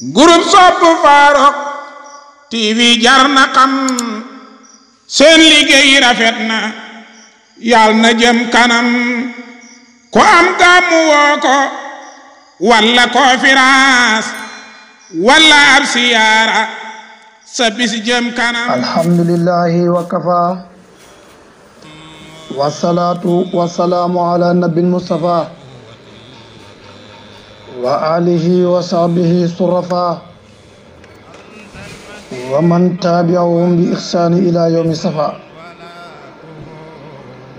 groupe sopp Farokh TV jar na seen liggéey rafet na yàlla na jëm kanam ku am gàmmu woo ko walla conférence walla ab siyaara sa bis jëm kanam alhamdulillahi wa kafa wasalaatu wasalaamu ala nabil وآله وصحبه صرفا ومن تابعهم بإحسان إلى يوم الصفا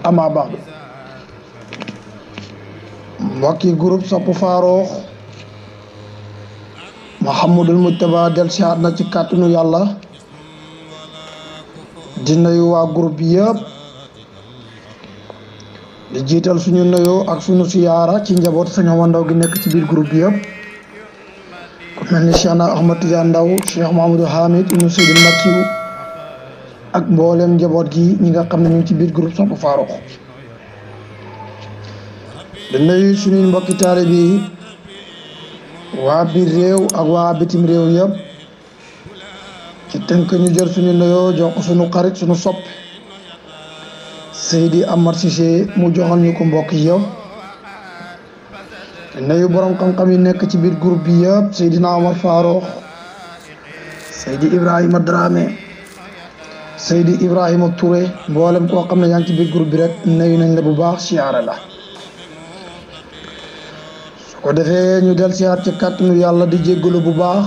أما بعد موكي جروب سابو فاروخ محمد المتبا دل سيادنا تي كاتنو يالله دي نيوا جروب ياب di jiital suñu nuyoo ak suñu siyaara ci njaboot suñu wandaw gi nekk ci biir groupe bi yëpp mel ni Cheikh na Ahmad Tidiane Ndaw Cheikh Mahamadou Hamid ibnu Seydi Makiyu ak mboolem njaboot gi ñi nga xam ne ñu ngi ci biir group Samp Farokh di nuyu suñuy mbokki taalibe yi waa biir réew ak waa bitim réew yëpp ci tënk ñu jël suñu nuyoo jox ko suñu xarit suñu soppi Seydi Amar Cissé mu joxal ko mbokk yow nuyu borom xam-xam yi nekk ci biir groupe bi yëpp Seydina Omar Farouk Seydi Ibrahima Dramé Seydi Ibrahima Touré mboolem koo xam ne yaa ngi ci biir groupe bi rek nayu nañ la bu baax siyaare la ko defee ñu del siyaat ci kàttanu yàlla di jéggalu bu baax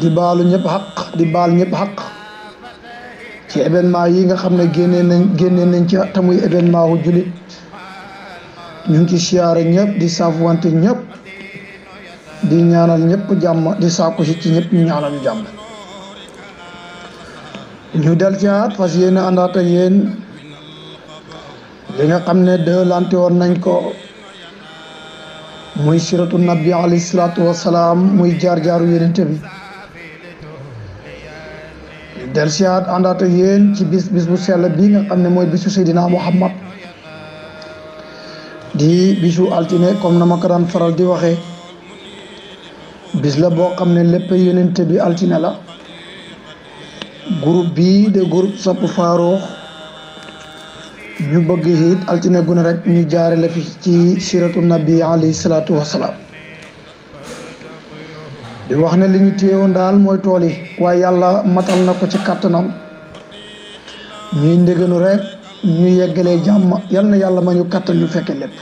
di baalu ñëpp xaq di xaq ci événement yi nga xam ne génnee nañ génnee nañ ci te muy événement wu jullit ñu ngi ci siyaare ñëpp di saafwante ñëpp di ñaanal ñëpp jàmm di saako si ci ñëpp ñu ñaanal jàmm ñu del ci aat fas yéen àndaat yéen li nga xam ne dëlante woon nañ ko muy siratu nabi alayhi salaatu wasalaam muy jaar jaaru yonente bi del siyaat àndaat ak ci bis bis bu sell bii nga xam ne mooy bisu Seydina Muhammad di bisu altine comme na ma ko daan faral di waxee bis la boo xam ne lépp yonente bi altine la groupe bii de group Sopp Farokh ñu bëgg it altine gune rek ñu jaare la fi ci siratu nabi alayhi salaatu wasalaam di wax na li ñu téyewoon daal mooy tool yi yàlla matal na ko ci kàttanam ñuy ndéganu rek ñu yeggalee jàmm yal yàlla ma ñu kàttan ñu fekke lépp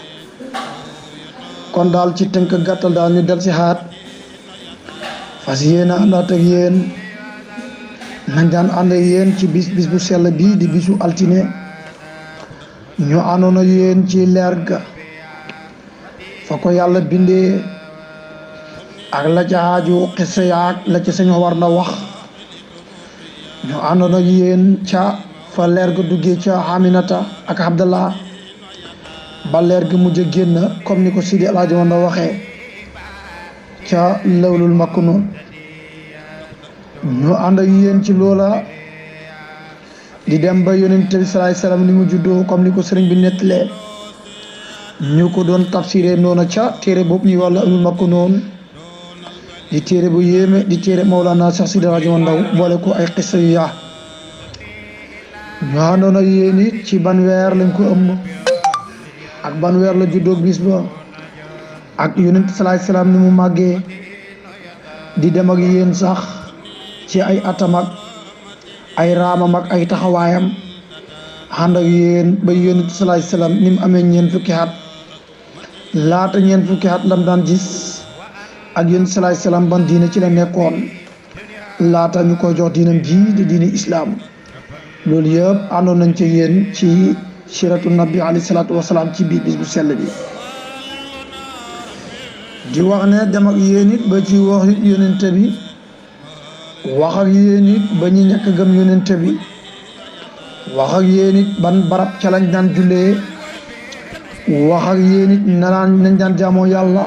kon daal ci tënk gàttal daal ñu del si xaat fas yéen a àndaat ak yéen nañ daan ànd yéen ci bis bis bu sell bii di bisu altine ñu àndoon yéen ci leer ga fa ko yàlla bindee ak la ca aaju xisse yaag la ci sëñ na wax ñu àndoon ak ca fa leer ga duggee ca Aminata ak Abdallah ba leer gi mujj a génn comme ni ko Sidi El Hadj Manda waxee ca lawlul makkunoon ñu ànd ak yéen ci loola di dem ba yonent salaam ni mu juddoo comme ni ko sëriñ bi nettalee ñu ko doon tafsiree noona ca téere boobu ñuy wax lawlul makkunoon di téré bu yéme di téré maulana Cheikh Sidi Hadji Omar Ndaw boole ko ay qissa yu yaa ñu àndoon ci ban wér lañ ko ëmm ak ban wér la juddo bis bo ak sallallahu salaay wasallam ni mu maggé di dem ak yeen sax ci ay atam ak ay rama mak ay taxawayam ànd ak yeen ba yonent salaay salaam ni mu amé ñeen fukki hat laata ñeen fukki hat lam daan gis ak yonent salaay salaam ban diine ci la nekkoon laata ñu koy jox diinam ji di diine islaam loolu yëpp àndoon nañ ci yéen ci siratu nabi alayhi salaatu ci biir bis bu sell bi di wax ne dem ak yéen it ba ci wax it yonente bi wax ak yéen it ban barab ca lañ daan jullee wax ak yéen it nanaan nañ daan jaamoo yàlla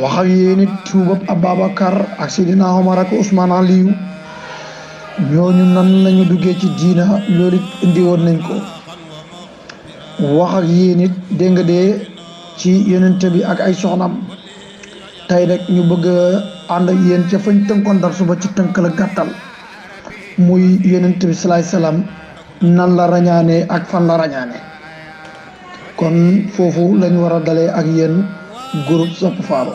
wax ak yéen it tuubab Ababacar ak Sidina Omar ak Ousmane Aliyu ñooñu nan lañu duggee ci diina loolu it nañ ko wax ak yéen it dee ci yonente bi ak ay soxnaam tey rek ñu bëgg a ànd ak yéen ca fañ suba ci tënk la gàttal muy yonente bi salaay salaam nan la rañaane ak fan la rañaane kon foofu lañ war a dalee ak yéen groupe Sopp Faalo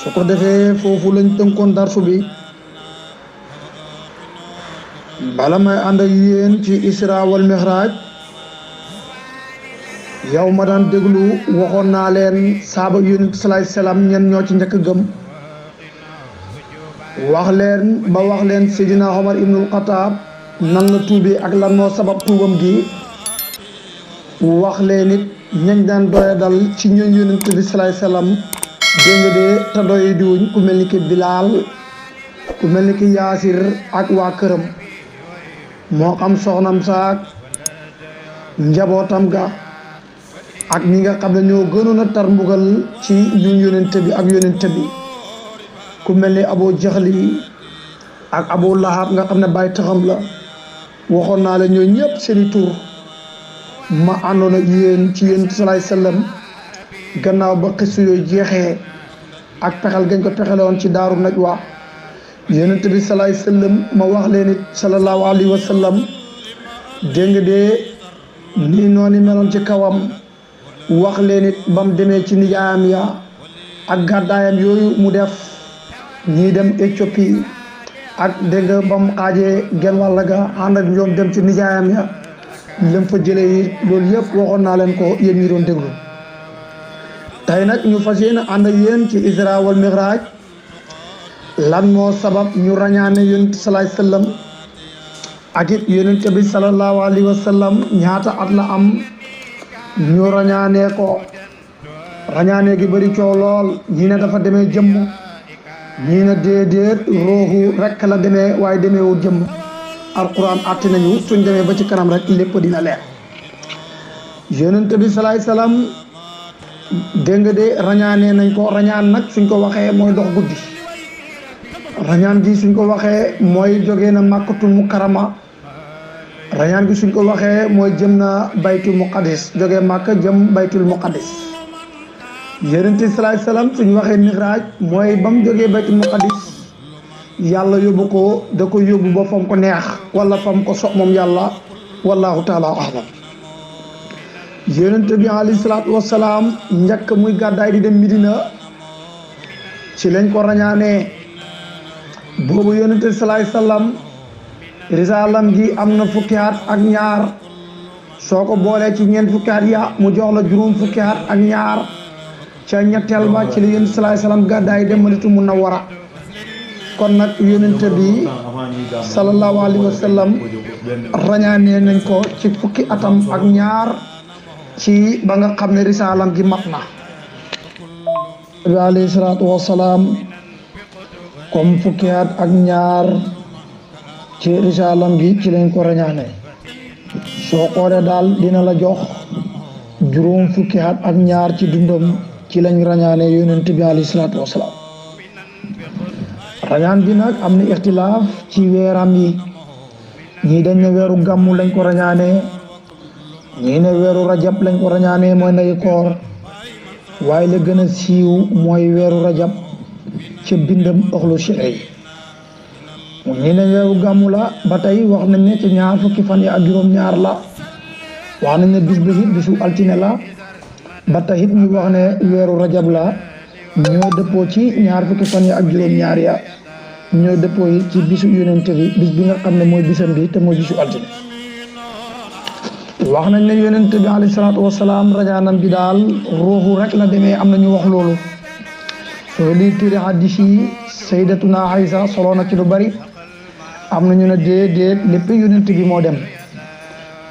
su ko defee foofu lañ tënkoon darsu bi bala may ànd ak yéen ci isra wal mihraj yow ma daan déglu waxoon naa leen saaba yonent bi salaam ñen ñoo ci njëkk gëm wax leen ba wax leen Seydina Omar ibnul Xataab nan la tuubi ak lan moo sabab tuubam gi wax leen it ñañ daan doya dal ci ñooñ yonent bi salaay salaam dégg de te doy diwuñ ku mel ni ki bilaal ku mel ni ki yaasir ak waa këram moo xam soxnam saak njabootam ga ak ñi nga xam ne ñoo gënoon a tar mbugal ci ñun yonent bi ak yonent bi ku mel ni aboo jaxli ak aboo lahaab nga xam ne bàyyi taxam la waxoon naa la ñoo ñëpp seeni tur ma àndoon ak yéen ci yéen salaay sallam gannaaw ba xis yooyu jeexee ak pexel gañ ko pexelewoon ci daaru najwa yonent bi salaay sallam ma wax leen it sallallahu alayhi wa sallam dégg nga de nii noonu meloon ci kawam wax leen it ba mu demee ci nijaayam ya ak gàddaayam yooyu mu def ñii dem Éthiopie ak dégg nga ba mu xaajee genn wàll ga dem ci nijaayam ya lam fa jëlee loolu yëpp waxoon naa leen ko yéen ñi doon déglu tey nag ñu fas yéene ànd ak yéen ci isra wal mi'raj lan moo sabab ñu ràñaane yonent salaay sallam ak it yonent bi sallallahu ñaata at la am ñu ràñaanee ko ràñaanee gi bari coow lool ñii ne dafa deme jëmm ñii ne déedéet rooxu rekk la demee waaye demeewul jëmm alquran àtte nañu suñ demee ba ci kanam rek lépp dina leer yonent bi salaay salaam dégg nga de rañaanee nañ ko rañaan nag suñ ko waxee mooy dox guddi rañaan gi suñ ko waxee mooy jógee na màkkatul mukarama rañaan gi suñ ko waxee mooy jëm na baytul muqaddis jógee màkk jëm baytul muqaddis yonent bi salaay salaam suñ waxee mixraaj mooy bam jógee baytul muqaddis yalla yóbbu ko da ko yóbbu ba fam ko neex wala fam ko sok mom yalla wallahu taala a'lam yeenante bi ali salatu wassalam ñak muy gaday di dem Medina ci lañ ko rañane bobu yeenante bi salaay sallam gi amna na ak ñaar soko ko ci ñen fukki ya mu jox la juroom fukki ak ñaar ca ñettel ba ci la yonente bi salaay dem Madinatu nawara kon nak yonente bi sallallahu alaihi wasallam sallam nañ ko ci fukki atam ak ñaar ci ba nga xam risalam gi makna na bi alayhi salaatu wasalaam comme fukki at ak ñaar ci risalam gi ci lañ ko rañaane soo xoolee dal dina la jox juroom fukki at ak ñaar ci dundum ci lañ rañaane yonente bi alayhi salaatu wasalaam rañaan gi nag am na ixtilaaf ci weeram yi ñii dañ ne weeru gàmmu lañ ko rañaanee ñii ne weeru rajab lañ ko rañaanee mooy na koor waaye la gën a siiw mooy weeru rajab ca bindam oxlu shiri ñii ne weeru gàmmu la ba tey wax nañ ne ci ñaar fukki fan yi ak juróom-ñaar la wax nañ ne bis bi bisu altine la ba tey ñu wax ne weeru rajab la ñoo dëppoo ci ñaar fukki fan ya ak juróom-ñaar ya ñoo dëppoo ci bisu yonent bi bis bi nga xam ne mooy bisam bi te mooy bisu altine wax nañ ne yonent bi alayhi salaatu wasalaam rajaanam bi daal ruuxu rek la demee am na ñu wax loolu soo lii téere hadis yi na Aysa soloo na ci lu bari am na ñu ne déedéet lépp yonent gi moo dem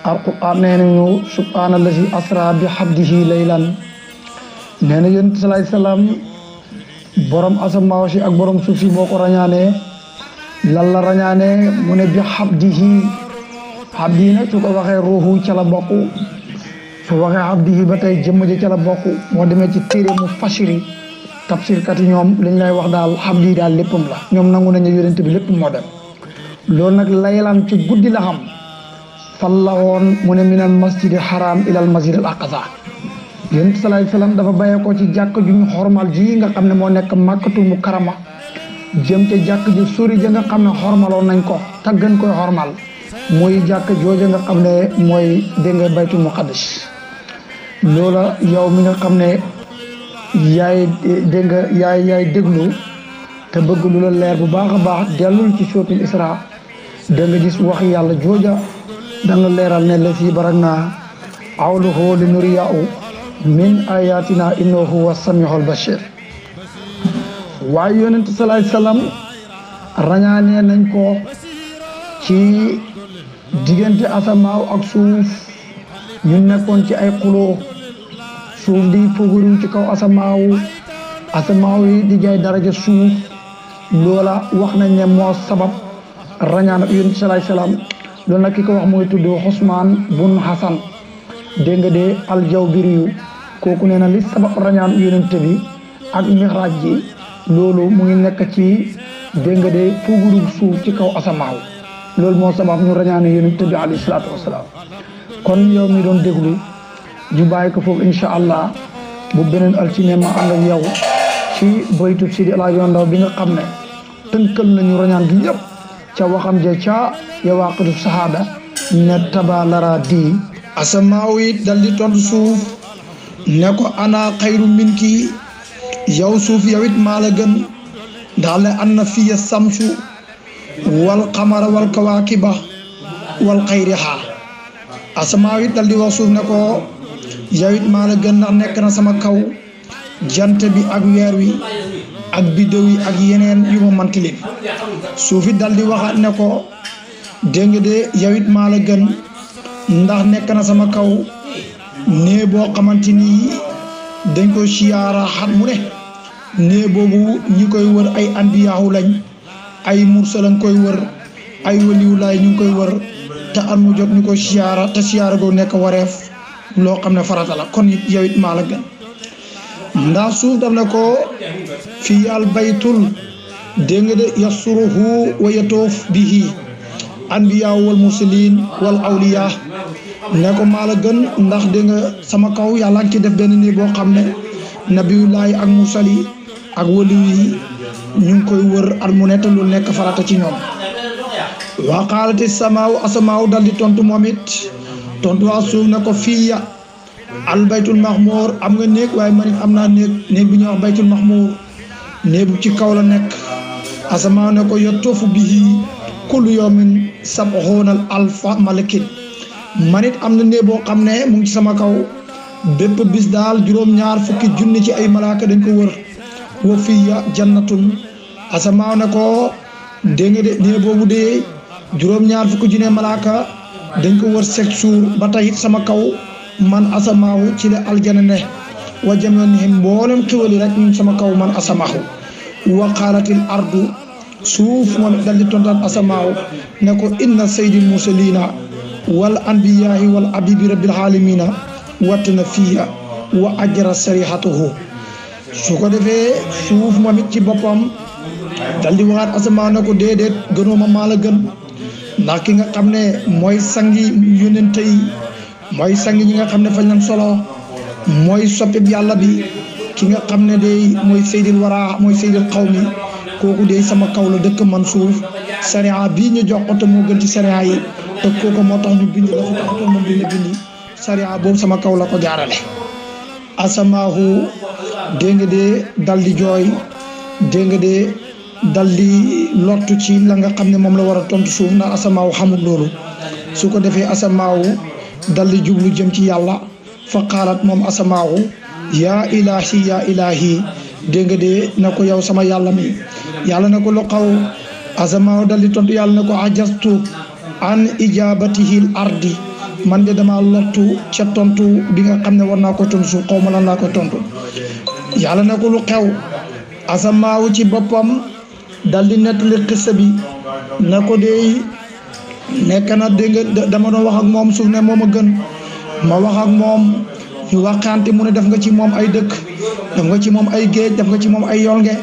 alquran nee nañu subhaanallazi asra bi abdihi laylan nee na yonent salaay salaam borom asamaan si ak borom suuf si moo ko rañaanee lan la rañaanee mu ne bi xabdihi xabdihi nag su ko waxee ruuxu ca la bokk su waxee xabdihi ba tey jëmm ji ca la bokk moo demee ci téere mu fasiri tafsirkat yi ñoom liñ lay wax daal xabdihi daal léppam la ñoom nangu nañu yonent bi lépp moo dem loolu nag laylan ci guddi la xam fan la woon mu ne minal masjidil haram ilal masjidil aqsa yonent salaay salaam dafa bayeekoo ci jàkk ju ñu xormal ji nga xam ne moo nekk màkkatul mu karama jëm ca jàkk ju sori ja nga xam ne xormaloon nañ ko taggan koy xormal muy jàkk jooja nga xam ne mooy dégg nga baytul muqaddas yow mi nga xam ne yaay dégg nga yaay yaay déglu te bëgg lu la leer bu baax a baax dellul ci sootul isra da nga wax yàlla jooja da leeral ne la fii barak naa awlu xoo li min ayatina innahu huwa samiul bashir waaye yonent salaay salaam rañaanee nañ ko ci diggante asamaaw ak suuf ñu nekkoon ci ay xuloo suuf di fugariw ci kaw asamaaw asamaaw yi di jaay daraja suuf loola wax nañ ne moo sabab rañaan ak yonent salaay salaam loolu nag ki ko wax mooy tuddoo Xusmaan bun Xasan dégg nga de aljawbiriyu koku neena li sabab rañam yonente bi ak mihraj ji lolu mu ngi nek ci denga de fuguru su ci kaw asamaaw lolu mo sabab ñu rañane yonente bi alayhi salaatu wasalaam kon yow mi doon deglu ju bay ko fofu allah bu benen al cinema and ak yow ci baytu Sidi El Hadji Ndaw bi nga xamne ne nañu rañan gi ñep ca waxam je ca yawaaqitu sahaba ne tabalara di asamaawi dal di tontu suuf ne ko ana xayru min kii yow suuf yow it la gën daal ne an na fiya samsu wal xamara wal kawaakiba wal xayri xaa asamaa it wax suuf ne ko yow la gën ndax nekk na sama kaw jant bi ak weer wi ak biddew yi ak yeneen yu ma manti leen suuf waxaat ne ko dégg nga de la gën ndax nekk na sama kaw nee boo xamante ni dañ ko siyaara xat mu ne nee boobu ñi koy wër ay anbiyaahu lañ ay mursalañ koy wër ay waliw laay ñu ngi koy wër te at mu jot ñu ko siyaara te siyaara goo nekk wareef loo xam ne farata la kon it yow it maa ndax suuf daf na ko fii al baytul dégg nga de yasuruhu wa yatoof bihi anbiyaa wal mursaliin wal awliyaa ne ko gën ndax de nga sama kaw yàlla ci def benn ni boo xam ne nabiyullahi ak musali ak wali yi ñu ngi koy wër at mu lu nekk farata ci ñoom wa dal di tontu momit tontu waa suuf ne ko fiya al baytul mahmur am nga neek waaye man am naa neek bi ñuy wax baytul ci kaw la nekk ne ko yottofu bihi kullu yawmin alfa malakin man am na ne boo xam ne mu ngi ci sama kaw bépp bis daal juróom-ñaar fukki junni ci ay malaaka dañ ko wër wa fiya jannatun asamaaw ne ko dégg nga de ne boobu de juróom-ñaar fukki junne malaaka dañ ko wër sept jours ba tey sama kaw man asamaaw ci la aljana ne wa jamanihim mboolem xéwali rek ñun sama kaw man asamaaw wa qaalatil ardu suuf moom it daal di ne ko inna saydi mursalina wal anbiyaahi wal abibi rabbil alamina na fiiha wa ajra sarihatuhu su ko defee suuf moom it ci boppam dal di waxaat asamaan ko déedéet gënoo ma maa la gën ndax ki nga xam ne mooy sangi yónnente yi mooy sangi ñi nga xam ne fañ lan solo mooy soppib yàlla bi ki nga xam ne day mooy seydil wara mooy seydil xaw mi kooku day sama kaw la dëkk man suuf sharia bi ñu jox auto mo gën ci sharia yi te kooku mo tax ñu bind la ko auto mo bind la bind sharia sama kaw la ko jaarale asamahu dégg nga de daldi joy jooy nga de daldi lottu ci la nga xamne ne la wara tontu suuf na asamahu xamul lolu su ko defé asamahu daldi jublu jëm ci yalla fa qalat mom asamahu ya ilahi, ya ilahi de na yow sama yalla mi yalla na lo xaw asamaaw dal di tontu yàlla na ko ajastu an ijabatihil ardi man de dama lottu ca tontu bi nga xam ne war naa ko tontu suuf ma lan laa ko tontu yàlla na ko lu xew asamaaw ci boppam dal di nettali xissa bi na ko deey nekk na dégg nga dama doon wax ak moom suuf ne moom a gën ma wax ak moom ñu waxante mu ne def nga ci moom ay dëkk def nga ci moom ay géej def nga ci moom ay yolnge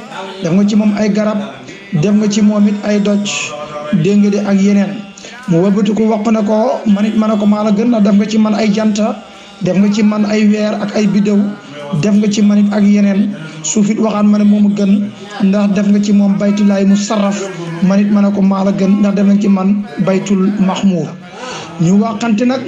def nga ci moom ay garab def nga ci moom it ay doj dégg nga di ak yeneen mu wëlbatiku wax na ko man it ma ne ko maa gën a def nga ci man ay janta def nga ci man ay weer ak ay biddew def nga ci man ak yeneen suuf it waxaan ma ne moomu gën ndax def nga ci moom baytulaay mu sarraf man it ma ne ko maa la gën ndax def nga ci man baytul maxmuur ñu waxante nag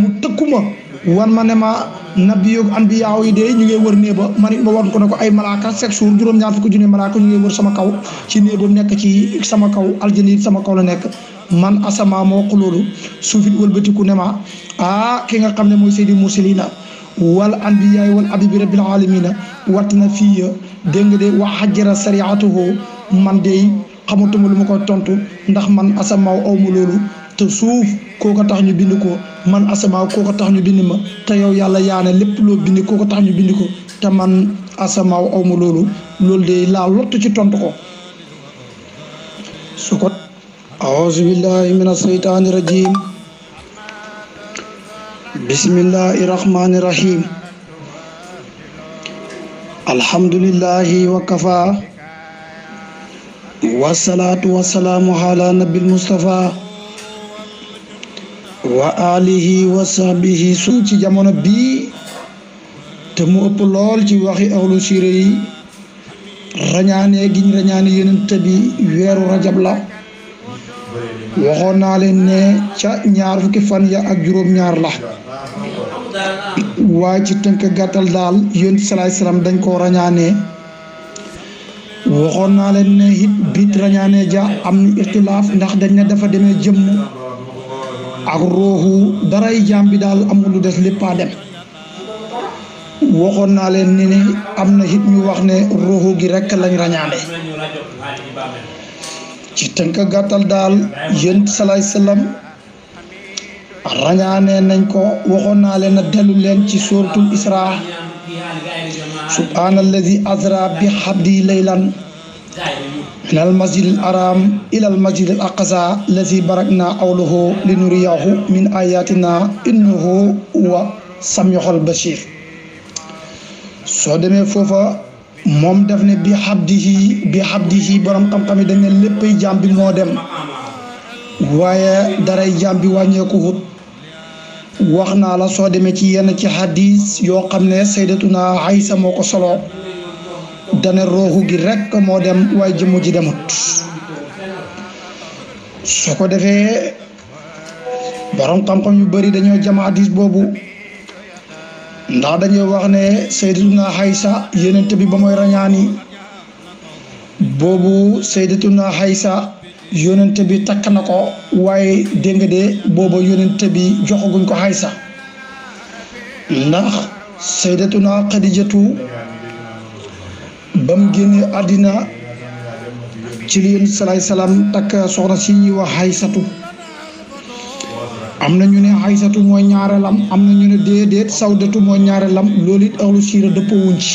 mu tëkkuma wan ma ne ma nabiyoog anbiyaaw yi de ñu ngi wër nee man it ma wan ko ne ko ay malaaka chaque jour juróom-ñaar fukki junni malaaka ñu ngi wër sama kaw ci nee nekk ci sama kaw aljana sama kaw la nekk man asama moo ko loolu suufit wëlbatiku ne ah ki nga xam ne mooy seydi mursalina wal anbiyaay wal abibi rabbil alamina watt na fii ya dégg nga de wa hajjara man de xamatuma lu ma ko tontu ndax man asamaaw awma te suuf kooko ñu bind ko man asamaa kooko tax ñu bind ma te yow yàlla yaane lépp loo bind kooko tax ñu bind ko te man asamaaw awma loolu loolu de laa lott ci tontu ko su ko aouzu billahi min asheytaani rajim bismillahi rahmani alhamdulillahi wa kafa wasalaatu wasalaamu nabil mustafa wa alihi wa sahbihi sun ci jamono bi te mu upp lol ci waxi awlu sire yi rañane giñ rañaane yonent bi weeru rajab la waxona len ne ca ñaar fukki fan ya ak juroom ñaar la wa ci tënk gàttal daal yonent alayhi wasallam dañ ko rañane waxona len ne hit bit rañane ja am na ixtilaaf ndax dañ ne dafa deme jëm ak ruuxu daray jaam bi daal amul lu des lépp a dem waxoon naa leen ni am na it ñu wax ne ruuxu gi rekk lañ rañaane ci tënk gàttal daal yéen salaay salaam rañaane nañ ko waxoon naa leen a dellu leen ci sóoratul isra subhaana alladi bi xabdi laylan من المسجد الحرام إلى المسجد الأقصى الذي باركنا حوله لنريه من آياتنا إنه هو السميع البصير soo demee foofa moom def ne bi xabdihi bi xabdihi borom xam-xam yi dañ léppay jaam bi moo dem waaye daray jaam bi wàññeeku hut wax naa la soo demee ci yenn ci hadis yoo xam ne saydatuna Aysa moo ko solo dane rooxu gi rekk moo dem waaye jëmm ji demut su ko defee borom xam-xam yu bari dañoo jama hadis boobu ndax dañuy wax ne saydatuna Aysa yonent bi ba mooy rañaani boobu saydatuna Aysa yonent bi takk na ko waaye dégg nga de bi joxaguñ ko Aysa ndax saydatuna Xadijatu ba mu génnee àddina ci li yonent salaay salaam takk soxna si ñuy wax xaysatu am na ñu ne xaysatu mooy ñaareelam am na ñu ne déedéet sawdatu mooy ñaareelam loolu it ahlu siira dëppoo wuñ ci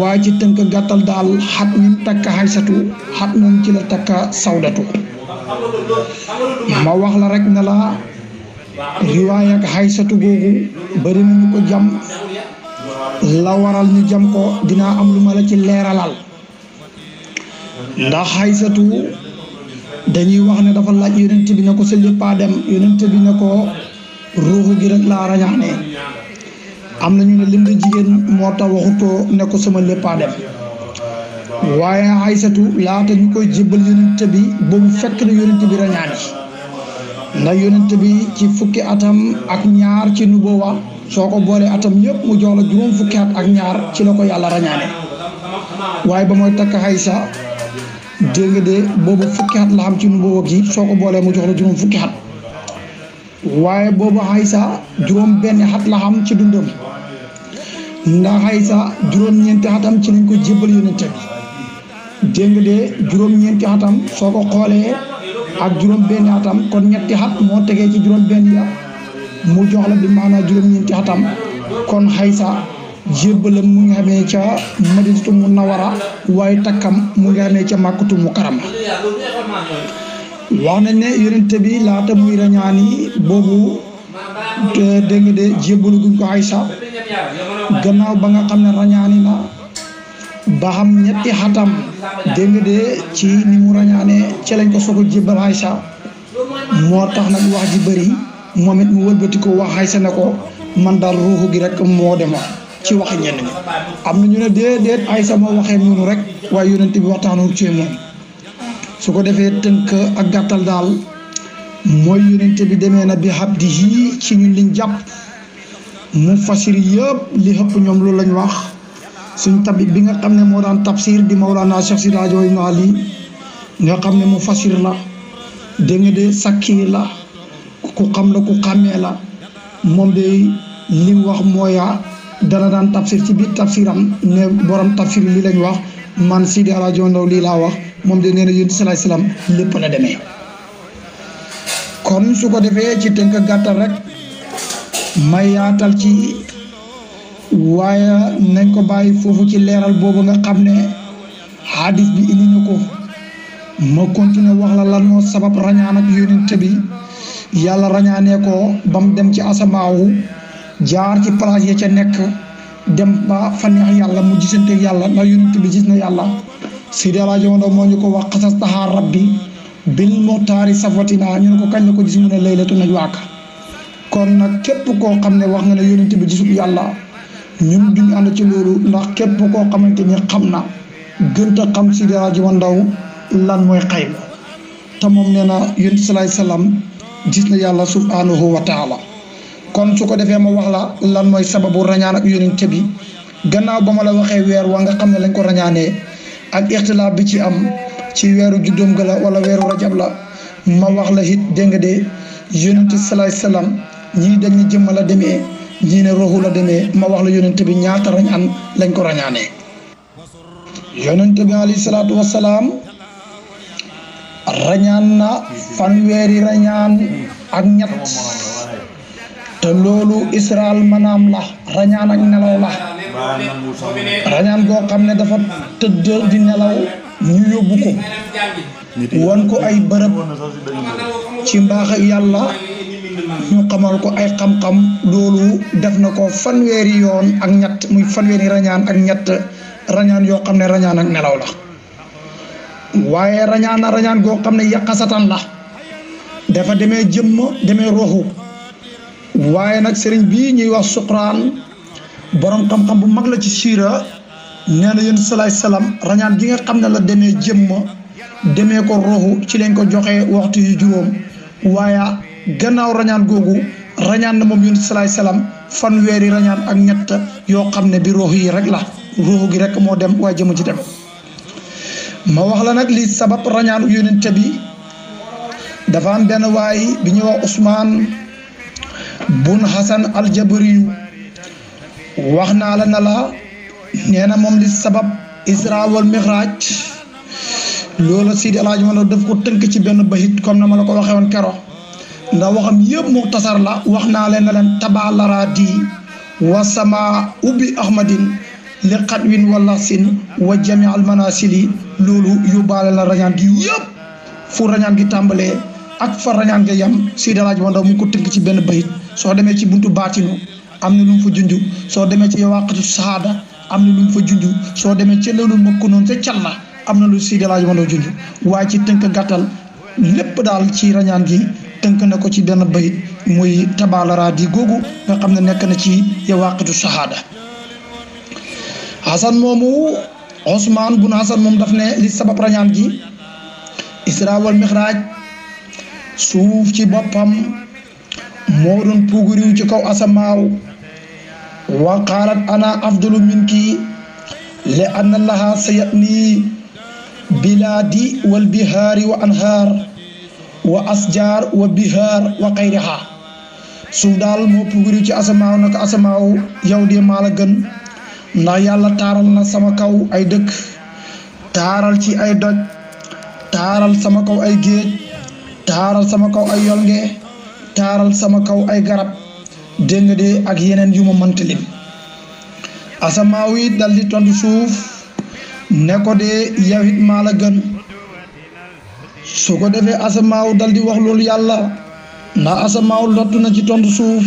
waaye ci tënk gàttal daal xat mi takk xaysatu xat moom ci la takk sawdatu ma wax la rek ne la riwaay xaysatu googu bari nañu ko jam la waral ñu jam ko dinaa am lu ma la ci leeralal ndax xaysatu dañuy wax ne dafa laaj yonent bi ne ko sa léppaa dem yonent bi ne ko ruuxu gi rek laa rañaane am na ñu ne lim jigéen moo tax waxutoo ne ko sama léppaa dem waaye xaysatu laata ñu koy jébbal yonent bi boobu fekk na yonent bi rañaani ndax yonent bi ci fukki atam ak ñaar ci nubuwa soko boole atam yëpp mu jox la juróom fukki at ak ñaar ci la ko yàlla rañaane waaye ba mooy takk xaysa dégg nga de boobu fukki at la am ci nu gi soo ko boolee mu jox la juróom fukki at waaye boobu xaysa juróom benn at la am ci dundam ndax xaysa juróom ñeenti atam ci lañ ko jébbal yonente bi dégg de juróom ñeenti atam soo ko xoolee ak juróom benn atam kon ñetti at moo tegee ci juróom benn ya mu jox la bi maanaa juróom-ñeenti atam kon xaysa jébbalam mu ngi xamee ca madinatu mu nawara waaye takkam mu ngi xamee ca màkkatu mu karama wax nañ ne yonente bi laata muy rañaani boobu dégg nga de jébbalu guñ ko xaysa gannaaw ba nga xam ne na ba xam ñetti xatam dégg nga de ci ni mu rañaane ci lañ ko soog a jébbal xaysa moo tax nag wax ji bëri moom it mu wëlbati ko waxay sa ne ko man daal ruuxu gi rek moo demoon ci wax ñenn ñi am na ñu ne déedéet ay sama waxee noonu rek waaye yonent bi waxtaanu ci moom su ko defee tënk ak gàttal daal mooy yonent bi demee na bi habdi yii liñ jàpp mu fasir yëpp li xëpp ñoom loolu lañ wax suñ tabib bi nga xam ne moo daan tafsir di Mawlana Cheikh Sidi Hadj Oumy Ali nga xam ne mu fasir la dégg de sakki la. ku xamna ku xamé la mom day lim wax moya ah, dana dan tafsir ci bi tafsiram ne borom tafsir li lañ wax man sidi alajo ndaw li la wax mom de nee na sallallahu alayhi wasallam lepp la démé kon su ko défé ci teunk gàttal rek may yaatal ci waya nañ ko fofu ci bobu nga xamné ne hadis bi indi na ma continuer wax la lan mo sabab rañaan ak yoonte bi yàlla rañaanee ko ba mu dem ci asamaawu jaar ci place yee ca nekk dem ba fa neex yàlla mu gisanteeg yàlla la yonent bi gis na yàlla Seydi Alaaji Omar moo ñu ko wax xasastahaa rabbi bil muxtaari safatina ñu ne ko kañ ko gis mu ne laylatu kon nag képp koo xam ne wax nga ne yonent bi gisul yàlla ñun duñu ci ndax képp koo xamante ni xam na gënt a xam Ndaw lan mooy xayb te moom nee na yonent salaam gis na yàlla subhanahu wa kon su ko defee ma wax la lan mooy sababu rañaan ak yonent bi gannaaw ba ma la waxee weer waa nga xam ne lañ koo rañaanee ak ixtilaaf bi ci am ci weeru juddóom ga la wala weeru rajab la ma wax la it dégg nga de yonent salaay salaam ñii dañ ne jëmm la demee ñii ne demee ma wax la yonent bi ñaata rañaan lañ ko rañaanee yonent bi alayhi salaatu wasalaam rañaan na ranyan rañaan ak ñet te lolu israel manam la rañan ak nelaw la rañan go xamne dafa teud di nelaw ñu yobbu ko won ko ay bërepp ci mbax ak yalla ñu xamal ko ay xam-xam lolu def na ko fanweeri yoon ak ñet muy fanweri rañan ak ñet rañan yo xamne rañan ak nelaw la waye rañaan na rañaan go xam ne ya la dafa deme jëm deme rohu waye nak sëriñ bi ñuy wax suqran borom xam-xam bu mag la ci sira neena na yéen salaay salaam rañaan gi nga xamne la deme jëm deme ko rohu ci leen ko joxe waxtu yu juroom waya gannaaw rañaan gogu rañaan na moom yéen salaay fan wéri rañaan ak ñett yo xamne bi rohu yi rek la rohu gi rek mo dem way jëm ci dem ma wax la nag li sabab rañaanu yonente bi dafa am benn waay bi ñuy wax Ousmane bun Hassan Aljabariyu wax naa la na la nee na moom li sabab Isra wal Mi'raj loolu Sidi El Hadj Malick ko tënk ci benn bahit comme na ma la ko waxee woon kero ndax waxam yëpp mu la wax naa leen na leen tabaa laraati wa sama ubbi ahmadin li xatwin wala sin wa jami al manasili loolu yóbbaale la rañaan gi yëpp fu rañaan gi tàmbalee ak fa rañaan nga yam si dalaaj wandaw mu ko tënk ci benn bayit soo demee ci buntu baatinu am na lu mu fa junj soo demee ci wàqatu saada am na lu mu fa junj soo demee ci loolu makku noonu ca calla am na lu si dalaaj wandaw junj waaye ci tënk gàttal lépp daal ci rañaan gi tënk na ko ci benn bayit muy tabaalaraat yi googu nga xam ne nekk na ci yawaaqitu sahaada Xasan moomu Ousmane bun Xasan moom daf ne li sabab rañaan gi Isra wal Mixraaj suuf ci boppam moo doon puuguriw ci kaw asamaaw wa qaalat ana afdalu minki li anna laha sayatni bilaadi wal bihaari wa anhaar wa asjaar wa bihaar wa xayriha suuf daal moo puuguriw ci asamaaw naka asamaaw yow de maa la gën na yalla taral na sama kaw ay dekk taral ci ay doj taral sama kaw ay geej taral sama kaw ay yolnge taral sama kaw ay garab dégg de ak yenen yuma ma asama wi dal di tontu suuf ne ko de yawit mala gën su ko asama wu dal di wax lottu na ci tontu suuf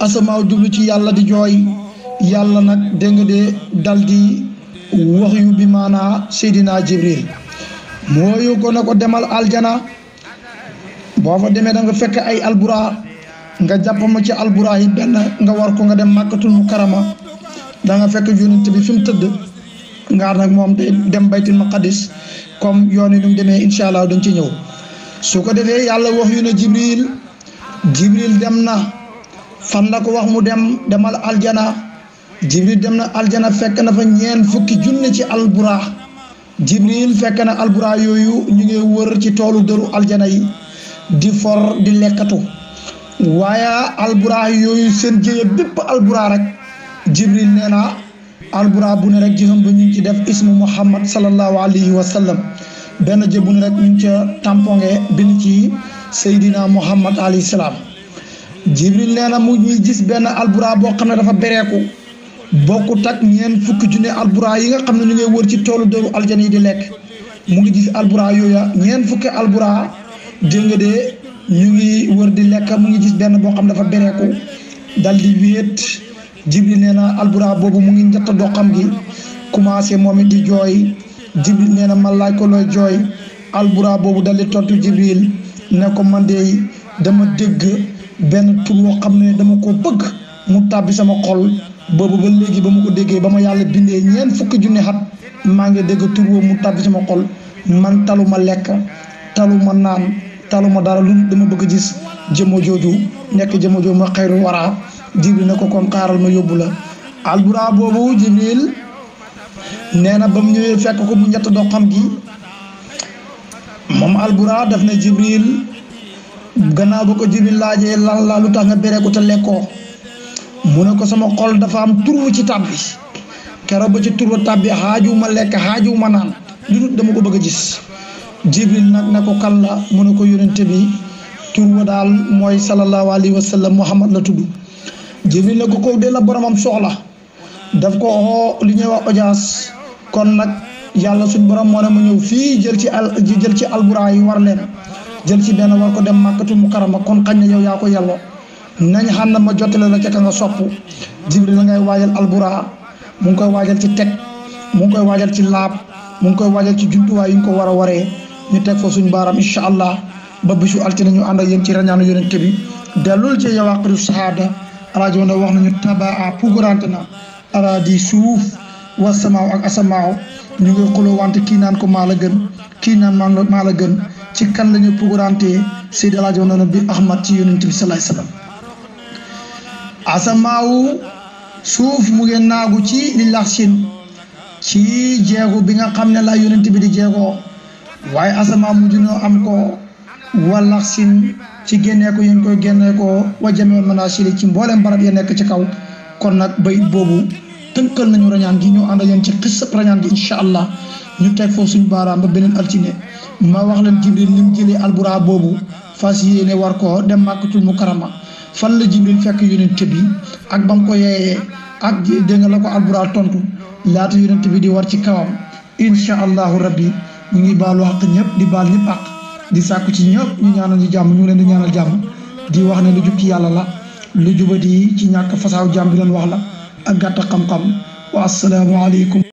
wu jublu ci yalla di joy Yalla nak deng de daldi wax yu bi mana sayidina jibril moyo ko nako demal aljana bo fa demee da nga fekk ay albura nga jàpp ma ci albura yi ben nga war ko nga dem màkkatul mukarama da nga fekk yonent bi fim teud nga nak mom dem baytul maqdis comme yoni num deme inshallah dañ ci ñew su ko wax yu na jibril jibril dem na fan la ko wax mu dem demal aljana jibril dem na aljana fekk na fa ñeen fukki junne ci albura jibril fekk na albura yooyu ñu ngi wër ci toolu dëru aljana yi di for di lekkatu waaye albura yooyu seen jëye bépp albura rek jibril nee na albura bu ne rek jëfam ba ñu ngi ci def ismu muhammad sallallahu alayhi wa sallam benn jë bu ne ca tamponge bind ci seydina muhammad alayhi salaam jibril nee mu ñuy gis benn albura boo xam ne dafa bereeku bokkut ak ñeent fukki junne albura yi nga xam ne ñu ngay wër ci toolu doomu aljana yi di lekk mu ngi gis yooyu yooya ñeent fukki albura dégg nga de ñu ngi wër di lekk mu ngi gis benn boo xam dafa bereeku dal di nee na albura boobu mu ngi njëtt doxam gi commencé moom it di jooy jibril ne na man laaj ko looy jooy albura boobu dal di tontu jibril ne ko man de dama dégg benn tur woo xam ne dama ko bëgg mu tàbbi sama xol boobu ba léegi ba ma ko déggee ba ma yàlla bindee ñeent fukki junne xat maa ngi dégg tur boobu mu tàbbi sama xol man taluma lekk taluma naan taluma dara lu dama bëgg gis jëmmo jooju nekk jëmmo jooju ma xayru waraa jibril na ko kon xaaral ma yóbbu la alburaa boobu jibril nee na ba mu ñëwee fekk ko mu ñett dox xam gi moom alburaa def na jibril gannaaw ba ko jibril laajee lan la lu tax nga béré ko te lekkoo mu ko sama xol dafa am turu ci tabbi keroog ba ci tabbi haaju ma lek haaju ma nan dama ko bëgg gis jibril nak nako ko kan la mu ko yoonte bi turu dal moy sallallahu alaihi wasallam muhammad la tuddu jibril ne ko de la boromam soxla daf ko ho li ñewa audience kon nak yalla suñu borom mo mu ñew fi jël ci al jël ci alburaay war leen jël ci ben war ko dem màkkatu mukarrama kon xañ yow ya ko nañ xamna ma jotale la ci ka nga sopp jibril ngay wajal albura mu ngi koy waajal ci tek mu ngi koy waajal ci lab mu ngi koy waajal ci jumtuwaay yi ñu ko wara waré ñu tek fo suñu baram incha ba bisu altina ñu and ak yeen ci rañanu yonente bi dellul ci yawaqiru shahada alaaji ne wax nañu tabaa pugurante na di suuf wa samaa ak asmaa ñu ngi xuloo wante ki naan ko mala gën ki naan mala gën ci kan lañu pu pugurante sayyid alaaji ne bi ahmad ci bi wasallam asamaawu suuf mu ngi naagu ci li lax sin ci jeego bi nga xam ne la yonent bi di jeegoo waaye asamaa mu noo am ko wa lax sin ci génnee ko yéen koy génnee ko wa jamee manasili ci mboolem barab ya nekk ci kaw kon nag bayit boobu tënkal nañu rañaan gi ñoo ànd ak yéen ci xis rañaan gi incha allah ñu teg foofu suñu baaraam ba beneen altine ma wax leen jibril ni mu jëlee albura boobu fas yéene war koo dem màkkatul mukarama fan la jibril fekk yonent bi ak ba mu ko yeeyee ak dégg la ko alburaa tontu laata yonent bi di war ci kawam incha allahu rabbi ñu ngi baalu àq ñëpp di baal ñëpp àq di sàkku ci ñëpp ñu ñaanal ñu jàmm ñu ngi leen di ñaanal jàmm di wax na lu jub ci yàlla la lu jubati ci ñàkk fasaaw jàmm bi leen wax la ak gàtta xam-xam wa assalaamu aleykum